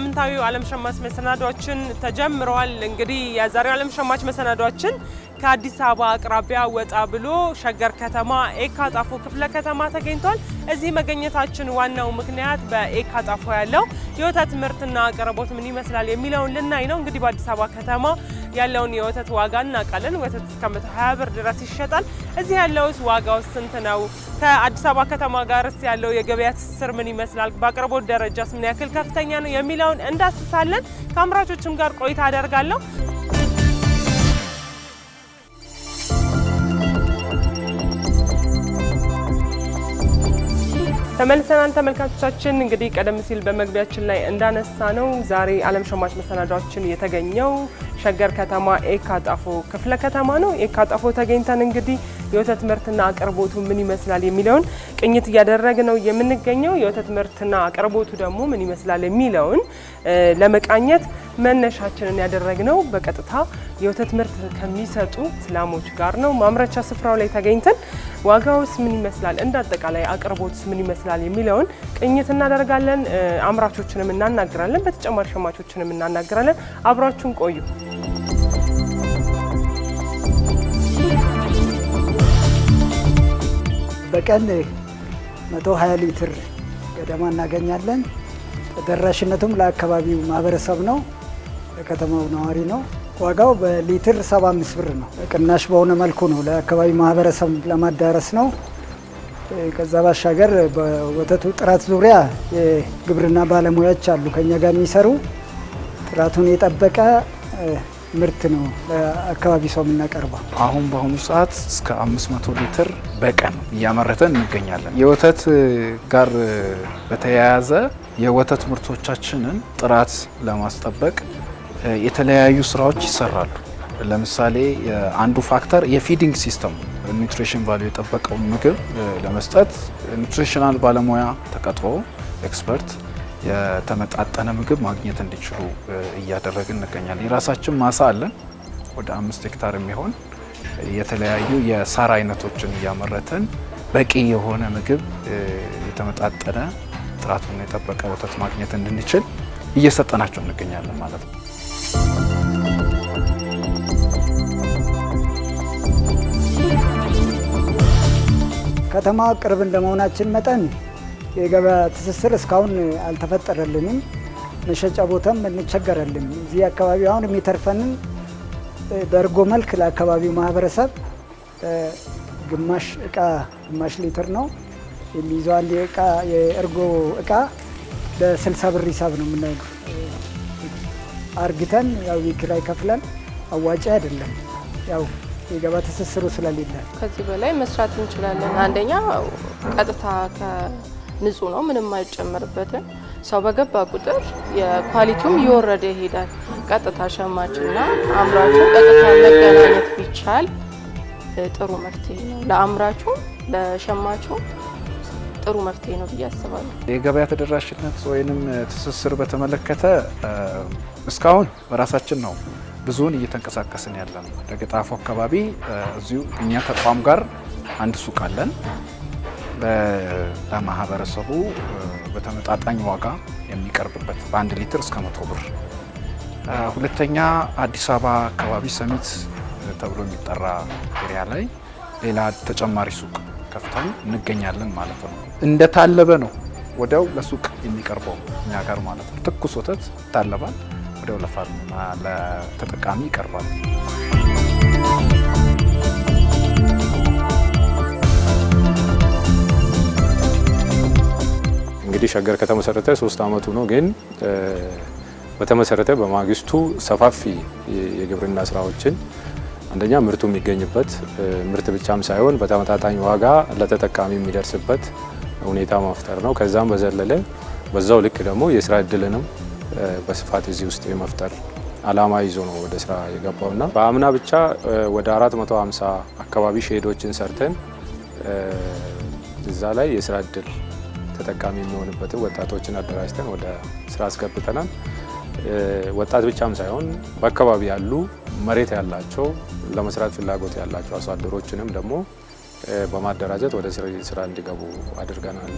ሳምንታዊው ዓለም ሸማች መሰናዷችን ተጀምረዋል። እንግዲህ የዛሬው ዓለም ሸማች መሰናዷችን ከአዲስ አበባ አቅራቢያ ወጣ ብሎ ሸገር ከተማ ኤካ ጣፎ ክፍለ ከተማ ተገኝቷል። እዚህ መገኘታችን ዋናው ምክንያት በኤካ ጣፎ ያለው የወተት ምርትና አቅርቦት ምን ይመስላል የሚለውን ልናይ ነው። እንግዲህ በአዲስ አበባ ከተማ ያለውን የወተት ዋጋ እናውቃለን። ወተት እስከ 120 ብር ድረስ ይሸጣል። እዚህ ያለውስ ዋጋው ስንት ነው? ከአዲስ አበባ ከተማ ጋርስ ያለው የገበያ ትስስር ምን ይመስላል? በአቅርቦት ደረጃስ ምን ያክል ከፍተኛ ነው የሚለውን እንዳስሳለን። ከአምራቾችም ጋር ቆይታ አደርጋለሁ። ተመልሰናል ተመልካቾቻችን። እንግዲህ ቀደም ሲል በመግቢያችን ላይ እንዳነሳ ነው ዛሬ ዓለም ሸማች መሰናዳዎችን የተገኘው ሸገር ከተማ ኤካጣፎ ክፍለ ከተማ ነው። ኤካጣፎ ተገኝተን እንግዲህ የወተት ምርትና አቅርቦቱ ምን ይመስላል የሚለውን ቅኝት እያደረግ ነው የምንገኘው። የወተት ምርትና አቅርቦቱ ደግሞ ምን ይመስላል የሚለውን ለመቃኘት መነሻችንን ያደረግ ነው በቀጥታ የወተት ምርት ከሚሰጡ ላሞች ጋር ነው። ማምረቻ ስፍራው ላይ ተገኝተን ዋጋውስ ምን ይመስላል፣ እንደ አጠቃላይ አቅርቦትስ ምን ይመስላል የሚለውን ቅኝት እናደርጋለን። አምራቾችንም እናናግራለን። በተጨማሪ ሸማቾችንም እናናግራለን። አብራችሁን ቆዩ። በቀን 120 ሊትር ገደማ እናገኛለን። ተደራሽነቱም ለአካባቢው ማህበረሰብ ነው፣ ለከተማው ነዋሪ ነው። ዋጋው በሊትር 75 ብር ነው። ቅናሽ በሆነ መልኩ ነው ለአካባቢው ማህበረሰብ ለማዳረስ ነው። ከዛ ባሻገር በወተቱ ጥራት ዙሪያ የግብርና ባለሙያዎች አሉ ከኛ ጋር የሚሰሩ ጥራቱን የጠበቀ ምርት ነው ለአካባቢ ሰው የምናቀርበው። አሁን በአሁኑ ሰዓት እስከ 500 ሊትር በቀን እያመረተን እንገኛለን። የወተት ጋር በተያያዘ የወተት ምርቶቻችንን ጥራት ለማስጠበቅ የተለያዩ ስራዎች ይሰራሉ። ለምሳሌ አንዱ ፋክተር የፊዲንግ ሲስተም ኒትሪሽን ቫሉ የጠበቀውን ምግብ ለመስጠት ኒትሪሽናል ባለሙያ ተቀጥሮ ኤክስፐርት የተመጣጠነ ምግብ ማግኘት እንዲችሉ እያደረግን እንገኛለን። የራሳችን ማሳ አለን። ወደ አምስት ሄክታር የሚሆን የተለያዩ የሳር አይነቶችን እያመረትን በቂ የሆነ ምግብ የተመጣጠነ ጥራቱን የጠበቀ ወተት ማግኘት እንድንችል እየሰጠናቸው እንገኛለን ማለት ነው። ከተማ ቅርብ እንደመሆናችን መጠን የገበያ ትስስር እስካሁን አልተፈጠረልንም። መሸጫ ቦታም እንቸገራለን። እዚህ አካባቢ አሁን የሚተርፈንን በእርጎ መልክ ለአካባቢው ማህበረሰብ ግማሽ እቃ ግማሽ ሊትር ነው የሚይዘው አንድ የእርጎ እቃ በስልሳ ብር ሂሳብ ነው የምናየው። አርግተን ያው የኪራይ ከፍለን አዋጭ አይደለም። ያው የገባ ትስስሩ ስለሌለ ከዚህ በላይ መስራት እንችላለን። አንደኛ ቀጥታ ንጹህ ነው፣ ምንም አይጨመርበትም። ሰው በገባ ቁጥር የኳሊቲውም እየወረደ ይሄዳል። ቀጥታ ሸማችና አምራቹ ቀጥታ መገናኘት ቢቻል ጥሩ መፍትሄ ነው። ለአምራቹ ለሸማቹ ጥሩ መፍትሄ ነው ብዬ አስባለሁ። የገበያ ተደራሽነት ወይንም ትስስር በተመለከተ እስካሁን በራሳችን ነው ብዙውን እየተንቀሳቀስን ያለን። ለገጣፎ አካባቢ እዚሁ እኛ ተቋም ጋር አንድ ሱቅ አለን። ለማህበረሰቡ በተመጣጣኝ ዋጋ የሚቀርብበት በአንድ ሊትር እስከ መቶ ብር። ሁለተኛ አዲስ አበባ አካባቢ ሰሚት ተብሎ የሚጠራ ኤሪያ ላይ ሌላ ተጨማሪ ሱቅ ከፍተን እንገኛለን ማለት ነው። እንደታለበ ነው ወዲያው ለሱቅ የሚቀርበው እኛ ጋር ማለት ነው። ትኩስ ወተት ይታለባል፣ ወዲያው ለተጠቃሚ ይቀርባል። እንግዲህ ሸገር ከተመሰረተ ሶስት አመቱ ነው። ግን በተመሰረተ በማግስቱ ሰፋፊ የግብርና ስራዎችን አንደኛ ምርቱ የሚገኝበት ምርት ብቻም ሳይሆን በተመጣጣኝ ዋጋ ለተጠቃሚ የሚደርስበት ሁኔታ መፍጠር ነው። ከዛም በዘለለ በዛው ልክ ደግሞ የስራ እድልንም በስፋት እዚህ ውስጥ የመፍጠር አላማ ይዞ ነው ወደ ስራ የገባውና በአምና ብቻ ወደ 450 አካባቢ ሼዶችን ሰርተን እዛ ላይ የስራ እድል ተጠቃሚ የሚሆንበትን ወጣቶችን አደራጅተን ወደ ስራ አስገብተናል። ወጣት ብቻም ሳይሆን በአካባቢ ያሉ መሬት ያላቸው ለመስራት ፍላጎት ያላቸው አርሶ አደሮችንም ደግሞ በማደራጀት ወደ ስራ እንዲገቡ አድርገናል።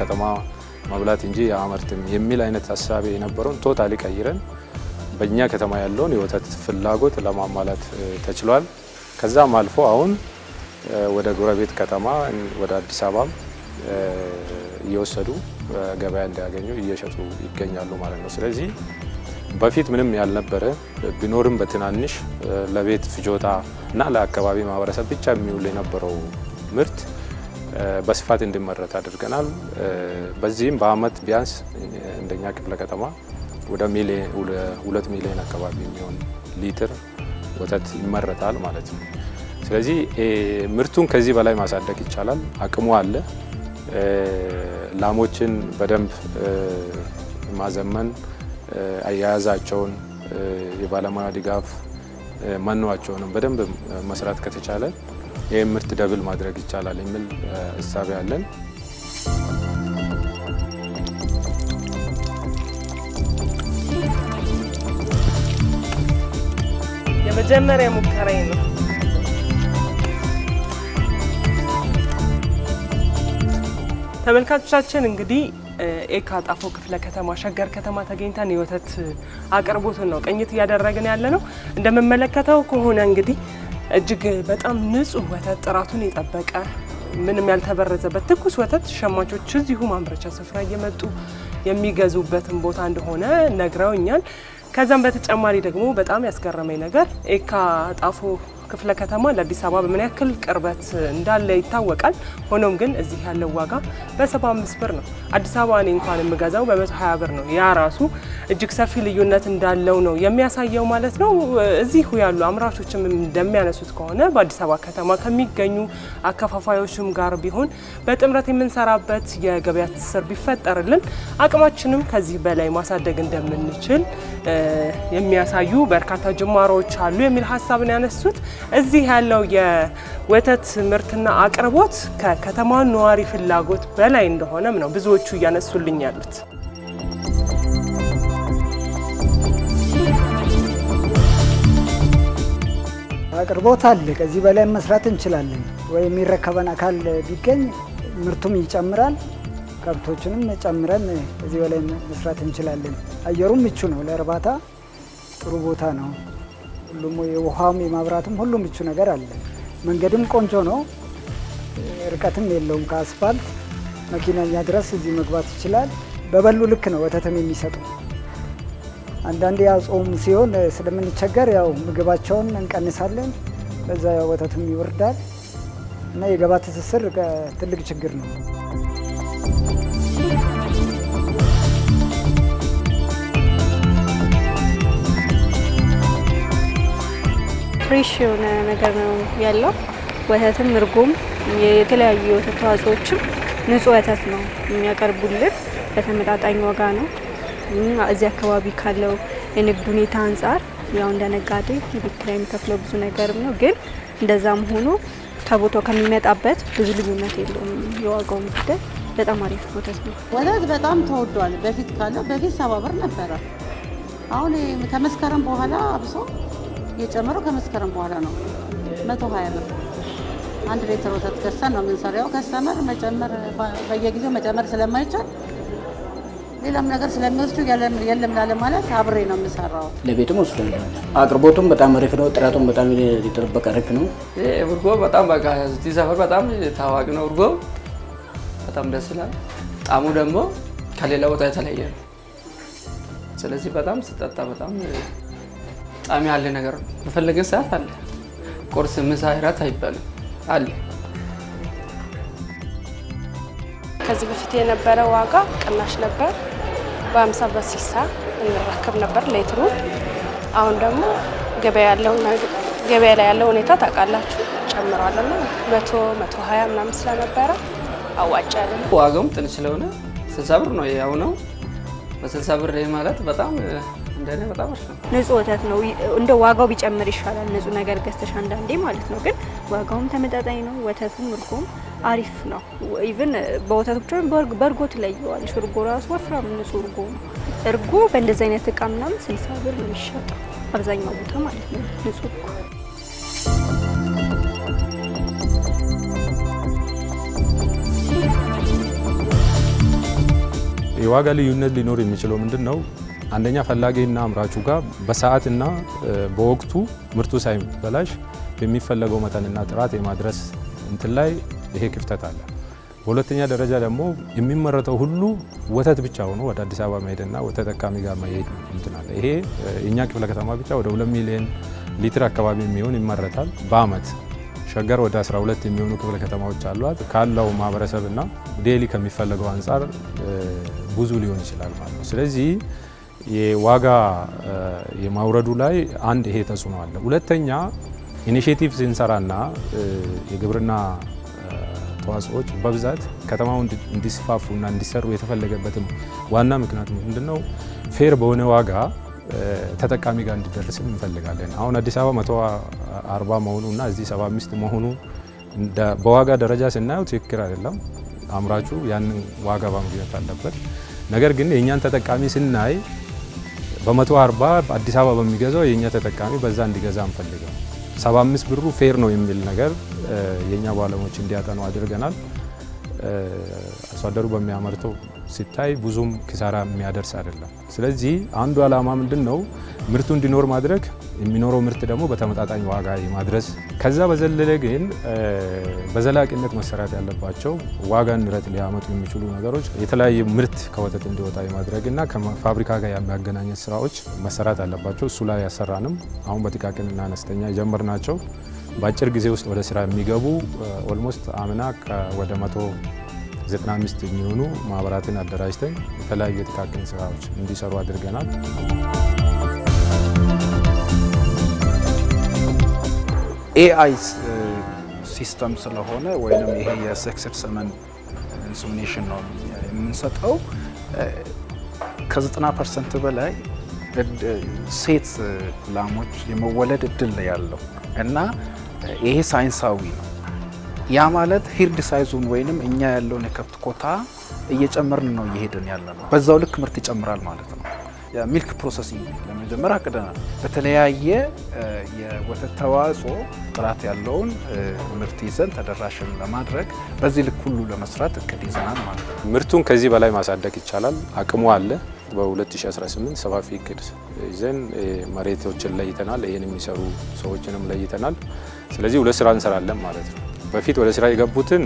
ከተማ መብላት እንጂ አያመርትም የሚል አይነት ሀሳብ የነበረውን ቶታሊ ቀይረን በእኛ ከተማ ያለውን የወተት ፍላጎት ለማሟላት ተችሏል። ከዛም አልፎ አሁን ወደ ጎረቤት ከተማ ወደ አዲስ አበባም እየወሰዱ ገበያ እንዲያገኙ እየሸጡ ይገኛሉ ማለት ነው። ስለዚህ በፊት ምንም ያልነበረ ቢኖርም በትናንሽ ለቤት ፍጆታ እና ለአካባቢ ማህበረሰብ ብቻ የሚውል የነበረው ምርት በስፋት እንዲመረት አድርገናል። በዚህም በአመት ቢያንስ እንደኛ ክፍለ ከተማ ወደ ሚሊዮን ሁለት ሚሊዮን አካባቢ የሚሆን ሊትር ወተት ይመረታል ማለት ነው። ስለዚህ ምርቱን ከዚህ በላይ ማሳደግ ይቻላል፣ አቅሙ አለ። ላሞችን በደንብ ማዘመን፣ አያያዛቸውን፣ የባለሙያ ድጋፍ፣ መኖቸውንም በደንብ መስራት ከተቻለ ይህ ምርት ደብል ማድረግ ይቻላል የሚል እሳቤ አለን። መጀመሪያ ሙከራዬ ነው። ተመልካቾቻችን እንግዲህ ኤካ ጣፎ ክፍለ ከተማ ሸገር ከተማ ተገኝተን የወተት አቅርቦትን ነው ቅኝት እያደረግን ያለ ነው። እንደምመለከተው ከሆነ እንግዲህ እጅግ በጣም ንጹህ ወተት ጥራቱን የጠበቀ ምንም ያልተበረዘበት ትኩስ ወተት ሸማቾች እዚሁ ማምረቻ ስፍራ እየመጡ የሚገዙበትን ቦታ እንደሆነ ነግረውኛል። ከዛም በተጨማሪ ደግሞ በጣም ያስገረመኝ ነገር ኤካ ጣፎ ክፍለ ከተማ ለአዲስ አበባ በምን ያክል ቅርበት እንዳለ ይታወቃል። ሆኖም ግን እዚህ ያለው ዋጋ በ75 ብር ነው። አዲስ አበባ እኔ እንኳን የምገዛው በ120 ብር ነው። ያ ራሱ እጅግ ሰፊ ልዩነት እንዳለው ነው የሚያሳየው ማለት ነው። እዚሁ ያሉ አምራቾችም እንደሚያነሱት ከሆነ በአዲስ አበባ ከተማ ከሚገኙ አከፋፋዮችም ጋር ቢሆን በጥምረት የምንሰራበት የገበያ ትስስር ቢፈጠርልን አቅማችንም ከዚህ በላይ ማሳደግ እንደምንችል የሚያሳዩ በርካታ ጅማሮዎች አሉ የሚል ሀሳብን ያነሱት እዚህ ያለው የወተት ምርትና አቅርቦት ከከተማ ነዋሪ ፍላጎት በላይ እንደሆነም ነው ብዙዎቹ እያነሱልኝ ያሉት። አቅርቦት አለ። ከዚህ በላይ መስራት እንችላለን ወይ? የሚረከበን አካል ቢገኝ ምርቱም ይጨምራል፣ ከብቶችንም ጨምረን ከዚህ በላይ መስራት እንችላለን። አየሩም ምቹ ነው፣ ለእርባታ ጥሩ ቦታ ነው። ሁሉም የውሃም የማብራትም ሁሉም ምቹ ነገር አለ። መንገድም ቆንጆ ነው። ርቀትም የለውም ከአስፋልት መኪናኛ ድረስ እዚህ መግባት ይችላል። በበሉ ልክ ነው ወተትም የሚሰጡ አንዳንድ ያው ጾም ሲሆን ስለምንቸገር ያው ምግባቸውን እንቀንሳለን። በዛ ወተትም ይወርዳል እና የገባ ትስስር ትልቅ ችግር ነው። ፍሬሽ የሆነ ነገር ነው ያለው። ወተትም፣ እርጎም፣ የተለያዩ የወተት ተዋጽኦችም ንጹህ ወተት ነው የሚያቀርቡልን። በተመጣጣኝ ዋጋ ነው። እዚህ አካባቢ ካለው የንግድ ሁኔታ አንጻር ያው እንደ ነጋዴ የቤት ኪራይ የሚከፍለው ብዙ ነገርም ነው። ግን እንደዛም ሆኖ ከቦታው ከሚመጣበት ብዙ ልዩነት የለውም። የዋጋውን ጉዳይ በጣም አሪፍ ወተት ነው። ወተት በጣም ተወዷል። በፊት ካለው በፊት ሰባ ብር ነበረ። አሁን ከመስከረም በኋላ አብሶ የጨመረው ከመስከረም በኋላ ነው። መቶ ሀያ ብር አንድ ሌትር ወተት ገዝተን ነው የምንሰራው። ከስተመር መጨመር በየጊዜው መጨመር ስለማይቻል ሌላም ነገር ስለሚወስዱ የለም ላለ ማለት አብሬ ነው የምሰራው። ለቤትም ወስዶ አቅርቦቱም በጣም አሪፍ ነው። ጥራቱም በጣም የተጠበቀ አሪፍ ነው። እርጎ በጣም በቃ እዚህ ሰፈር በጣም ታዋቂ ነው። እርጎ በጣም ደስ ይላል። ጣሙ ደግሞ ከሌላ ቦታ የተለየ ነው። ስለዚህ በጣም ስጠጣ በጣም ጣዕም ያለ ነገር ነው። በፈለገን ሰዓት አለ። ቁርስ፣ ምሳ፣ እራት አይባልም አለ። ከዚህ በፊት የነበረ ዋጋ ቅናሽ ነበር። በአምሳ በስልሳ እንረከብ ነበር ሌትሩ። አሁን ደግሞ ገበያ ላይ ያለው ሁኔታ ታውቃላችሁ ጨምሯልና መቶ መቶ ሀያ ምናምን ስለነበረ አዋጭ ያለ ዋጋውም ጥን ስለሆነ ስልሳ ብር ነው ያው ነው በስልሳ ብር ማለት በጣም በጣም አሪፍ ነው። ንጹህ ወተት ነው። እንደ ዋጋው ቢጨምር ይሻላል። ንጹህ ነገር ገዝተሽ አንዳንዴ ማለት ነው። ግን ዋጋውም ተመጣጣኝ ነው። ወተቱም እርጎም አሪፍ ነው። ኢቭን በወተቱ ብቻ በእርጎ ትለየዋለሽ። እርጎ ራሱ ወፍራም ንጹህ እርጎ እርጎ በእንደዚህ አይነት እቃ ምናምን ስልሳ ብር ነው የሚሸጠው አብዛኛው ቦታ ማለት ነው። ንጹህ እርጎ የዋጋ ልዩነት ሊኖር የሚችለው ምንድን ነው? አንደኛ ፈላጊና አምራቹ ጋር በሰዓትና በወቅቱ ምርቱ ሳይበላሽ የሚፈለገው መጠንና ጥራት የማድረስ እንትን ላይ ይሄ ክፍተት አለ። በሁለተኛ ደረጃ ደግሞ የሚመረተው ሁሉ ወተት ብቻ ሆኖ ወደ አዲስ አበባ መሄድና ወተት ተጠቃሚ ጋር መሄድ እንትን አለ። ይሄ እኛ ክፍለ ከተማ ብቻ ወደ 2 ሚሊዮን ሊትር አካባቢ የሚሆን ይመረታል በአመት። ሸገር ወደ 12 የሚሆኑ ክፍለ ከተማዎች አሏት። ካለው ማህበረሰብና ዴሊ ከሚፈለገው አንጻር ብዙ ሊሆን ይችላል ማለት ነው። ስለዚህ የዋጋ የማውረዱ ላይ አንድ ይሄ ተጽዕኖ አለ። ሁለተኛ ኢኒሽቲቭ ስንሰራና የግብርና ተዋጽኦዎች በብዛት ከተማው እንዲስፋፉና እንዲሰሩ የተፈለገበትም ዋና ምክንያት ምንድነው? ፌር በሆነ ዋጋ ተጠቃሚ ጋር እንዲደርስ እንፈልጋለን። አሁን አዲስ አበባ 140 መሆኑ እና እዚህ 75 መሆኑ በዋጋ ደረጃ ስናየው ትክክል አይደለም። አምራቹ ያንን ዋጋ ማግኘት አለበት። ነገር ግን የእኛን ተጠቃሚ ስናይ በመቶ አርባ አዲስ አበባ በሚገዛው የእኛ ተጠቃሚ በዛ እንዲገዛ እንፈልገው 75 ብሩ ፌር ነው የሚል ነገር የእኛ ባለሙያዎች እንዲያጠኑ አድርገናል። አርሶአደሩ በሚያመርተው ሲታይ ብዙም ኪሳራ የሚያደርስ አይደለም። ስለዚህ አንዱ ዓላማ ምንድን ነው? ምርቱ እንዲኖር ማድረግ የሚኖረው ምርት ደግሞ በተመጣጣኝ ዋጋ ማድረስ ከዛ በዘለለ ግን በዘላቂነት መሰራት ያለባቸው ዋጋ ንረት ሊያመጡ የሚችሉ ነገሮች የተለያየ ምርት ከወተት እንዲወጣ የማድረግና ከፋብሪካ ጋር የሚያገናኘት ስራዎች መሰራት አለባቸው። እሱ ላይ ያሰራንም አሁን በጥቃቅንና አነስተኛ ጀምር ናቸው። በአጭር ጊዜ ውስጥ ወደ ስራ የሚገቡ ኦልሞስት አምና ወደ መቶ 95 የሚሆኑ ማህበራትን አደራጅተን የተለያዩ የጥቃቅን ስራዎች እንዲሰሩ አድርገናል። ኤአይ ሲስተም ስለሆነ ወይም ይሄ ሰመን ኢንሱሚኔሽን ነው የምንሰጠው ከ90 ፐርሰንት በላይ ሴት ላሞች የመወለድ እድል ያለው እና ይሄ ሳይንሳዊ ነው። ያ ማለት ሂርድ ሳይዙን ወይንም እኛ ያለውን የከብት ኮታ እየጨመርን ነው እየሄድን ያለ ነው። በዛው ልክ ምርት ይጨምራል ማለት ነው። የሚልክ ፕሮሰሲንግ ለመጀመር አቅደናል። በተለያየ የወተት ተዋጽኦ ጥራት ያለውን ምርት ይዘን ተደራሽን ለማድረግ በዚህ ልክ ሁሉ ለመስራት እቅድ ይዘናል ማለት ነው። ምርቱን ከዚህ በላይ ማሳደግ ይቻላል፣ አቅሙ አለ። በ2018 ሰፋፊ እቅድ ይዘን መሬቶችን ለይተናል። ይህን የሚሰሩ ሰዎችንም ለይተናል። ስለዚህ ሁለት ስራ እንሰራለን ማለት ነው። በፊት ወደ ስራ የገቡትን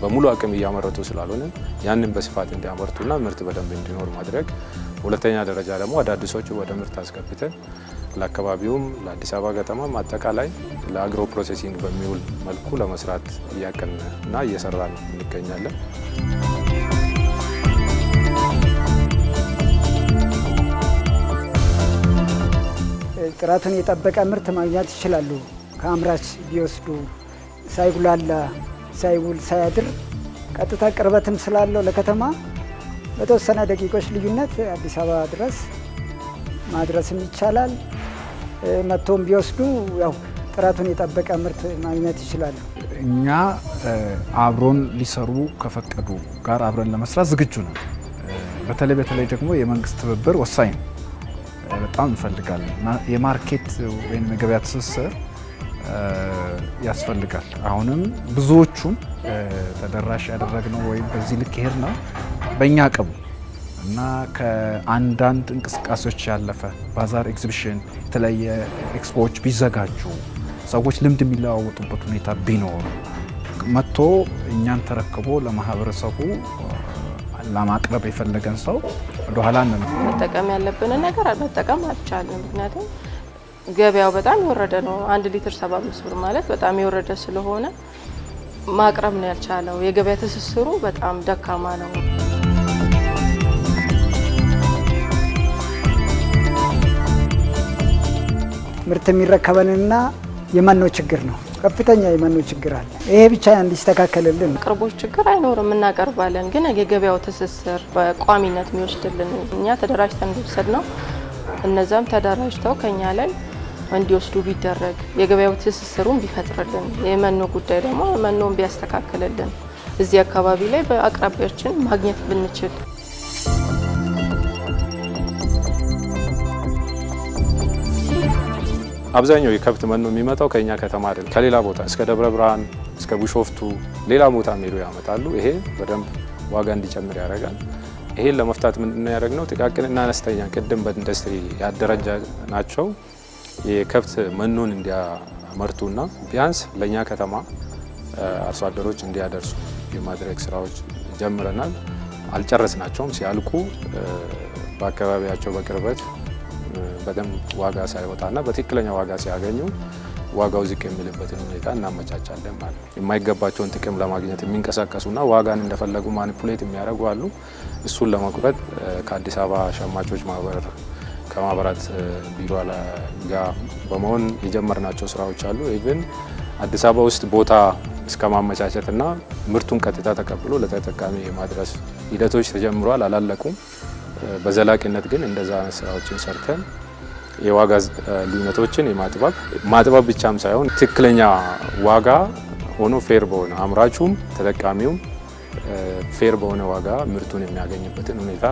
በሙሉ አቅም እያመረቱ ስላልሆነ ያንን በስፋት እንዲያመርቱና ምርት በደንብ እንዲኖር ማድረግ ሁለተኛ ደረጃ ደግሞ አዳዲሶቹ ወደ ምርት አስገብተን ለአካባቢውም ለአዲስ አበባ ከተማ አጠቃላይ ለአግሮ ፕሮሴሲንግ በሚውል መልኩ ለመስራት እያቀነ እና ነው እንገኛለን። ጥራቱን የጠበቀ ምርት ማግኘት ይችላሉ። ከአምራች ቢወስዱ ሳይጉላላ ሳይውል ሳያድር ቀጥታ ቅርበትም ስላለው ለከተማ በተወሰነ ደቂቆች ልዩነት አዲስ አበባ ድረስ ማድረስም ይቻላል። መጥቶም ቢወስዱ ያው ጥራቱን የጠበቀ ምርት ማግኘት ይችላሉ። እኛ አብሮን ሊሰሩ ከፈቀዱ ጋር አብረን ለመስራት ዝግጁ ነው። በተለይ በተለይ ደግሞ የመንግስት ትብብር ወሳኝ ነው፣ በጣም እንፈልጋለን። የማርኬት ወይም የገበያ ትስስር ያስፈልጋል። አሁንም ብዙዎቹን ተደራሽ ያደረግነው ወይም በዚህ ልክ ይሄድ ነው በእኛ አቅም እና ከአንዳንድ እንቅስቃሴዎች ያለፈ ባዛር፣ ኤግዚቢሽን፣ የተለያየ ኤክስፖዎች ቢዘጋጁ ሰዎች ልምድ የሚለዋወጡበት ሁኔታ ቢኖር መጥቶ እኛን ተረክቦ ለማህበረሰቡ ለማቅረብ የፈለገን ሰው ወደኋላ ነው መጠቀም ያለብንን ነገር መጠቀም አልቻለም። ምክንያቱም ገበያው በጣም የወረደ ነው። አንድ ሊትር 75 ብር ማለት በጣም የወረደ ስለሆነ ማቅረብ ነው ያልቻለው። የገበያ ትስስሩ በጣም ደካማ ነው። ምርት የሚረከበንና የመኖ ችግር ነው። ከፍተኛ የመኖ ችግር አለ። ይሄ ብቻ እንዲስተካከልልን ቅርቦች ችግር አይኖርም፣ እናቀርባለን። ግን የገበያው ትስስር በቋሚነት የሚወስድልን እኛ ተደራጅተን እንዲወሰድ ነው። እነዛም ተደራጅተው ከኛ ላይ እንዲወስዱ ቢደረግ የገበያው ትስስሩን ቢፈጥርልን፣ የመኖ ጉዳይ ደግሞ መኖን ቢያስተካክልልን፣ እዚህ አካባቢ ላይ በአቅራቢያችን ማግኘት ብንችል አብዛኛው የከብት መኖ የሚመጣው ከኛ ከተማ አይደለም፣ ከሌላ ቦታ እስከ ደብረ ብርሃን እስከ ቢሾፍቱ፣ ሌላ ቦታ ሄዶ ያመጣሉ። ይሄ በደንብ ዋጋ እንዲጨምር ያደርጋል። ይሄን ለመፍታት ምንድነው ያደረግነው? ጥቃቅንና አነስተኛ ቅድም በኢንዱስትሪ ያደረጃ ናቸው የከብት መኖን እንዲያመርቱና ቢያንስ ለእኛ ከተማ አርሶ አደሮች እንዲያደርሱ የማድረግ ስራዎች ጀምረናል። አልጨረስናቸውም። ሲያልቁ በአካባቢያቸው በቅርበት በደንብ ዋጋ ሳይወጣና በትክክለኛ ዋጋ ሲያገኙ ዋጋው ዝቅ የሚልበትን ሁኔታ እናመቻቻለን ማለት ነው። የማይገባቸውን ጥቅም ለማግኘት የሚንቀሳቀሱና ዋጋን እንደፈለጉ ማኒፑሌት የሚያደርጉ አሉ። እሱን ለመቁረጥ ከአዲስ አበባ ሸማቾች ማህበር ከማህበራት ቢሮ ጋር በመሆን የጀመርናቸው ስራዎች አሉ። ኢቭን አዲስ አበባ ውስጥ ቦታ እስከ ማመቻቸት እና ምርቱን ቀጥታ ተቀብሎ ለተጠቃሚ የማድረስ ሂደቶች ተጀምሯል አላለቁም። በዘላቂነት ግን እንደዛ አይነት ስራዎችን ሰርተን የዋጋ ልዩነቶችን የማጥበብ ማጥበብ ብቻም ሳይሆን ትክክለኛ ዋጋ ሆኖ ፌር በሆነ አምራቹም ተጠቃሚውም ፌር በሆነ ዋጋ ምርቱን የሚያገኝበትን ሁኔታ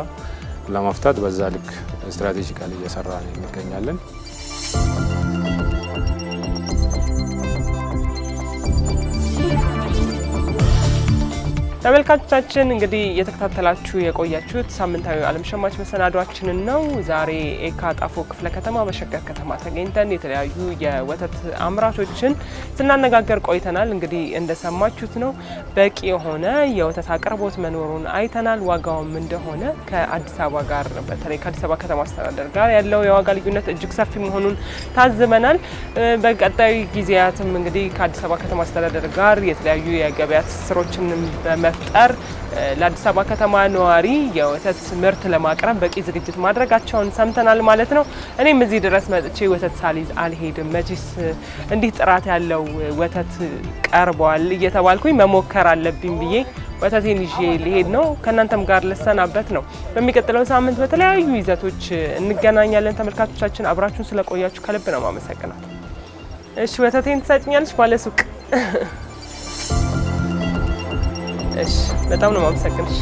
ለመፍታት በዛ ልክ ስትራቴጂካል እየሰራ እንገኛለን። ተመልካቾቻችን እንግዲህ የተከታተላችሁ የቆያችሁት ሳምንታዊ ዓለም ሸማች መሰናዷችንን ነው። ዛሬ ኤካ ጣፎ ክፍለ ከተማ በሸገር ከተማ ተገኝተን የተለያዩ የወተት አምራቾችን ስናነጋገር ቆይተናል። እንግዲህ እንደሰማችሁት ነው በቂ የሆነ የወተት አቅርቦት መኖሩን አይተናል። ዋጋውም እንደሆነ ከአዲስ አበባ ጋር በተለይ ከአዲስ አበባ ከተማ አስተዳደር ጋር ያለው የዋጋ ልዩነት እጅግ ሰፊ መሆኑን ታዝበናል። በቀጣዩ ጊዜያትም እንግዲህ ከአዲስ አበባ ከተማ አስተዳደር ጋር የተለያዩ የገበያ ትስስሮችን በመፍጠር ለአዲስ አበባ ከተማ ነዋሪ የወተት ምርት ለማቅረብ በቂ ዝግጅት ማድረጋቸውን ሰምተናል ማለት ነው። እኔም እዚህ ድረስ መጥቼ ወተት ሳሊዝ አልሄድም፣ መቼስ እንዲህ ጥራት ያለው ወተት ቀርቧል እየተባልኩኝ መሞከር አለብኝ ብዬ ወተቴን ይዤ ሊሄድ ነው። ከእናንተም ጋር ልሰናበት ነው። በሚቀጥለው ሳምንት በተለያዩ ይዘቶች እንገናኛለን። ተመልካቾቻችን አብራችሁን ስለቆያችሁ ከልብ ነው ማመሰግናል። እሺ፣ ወተቴን ትሰጭኛለች ባለሱቅ እሺ፣ በጣም ነው የማመሰግንሽ።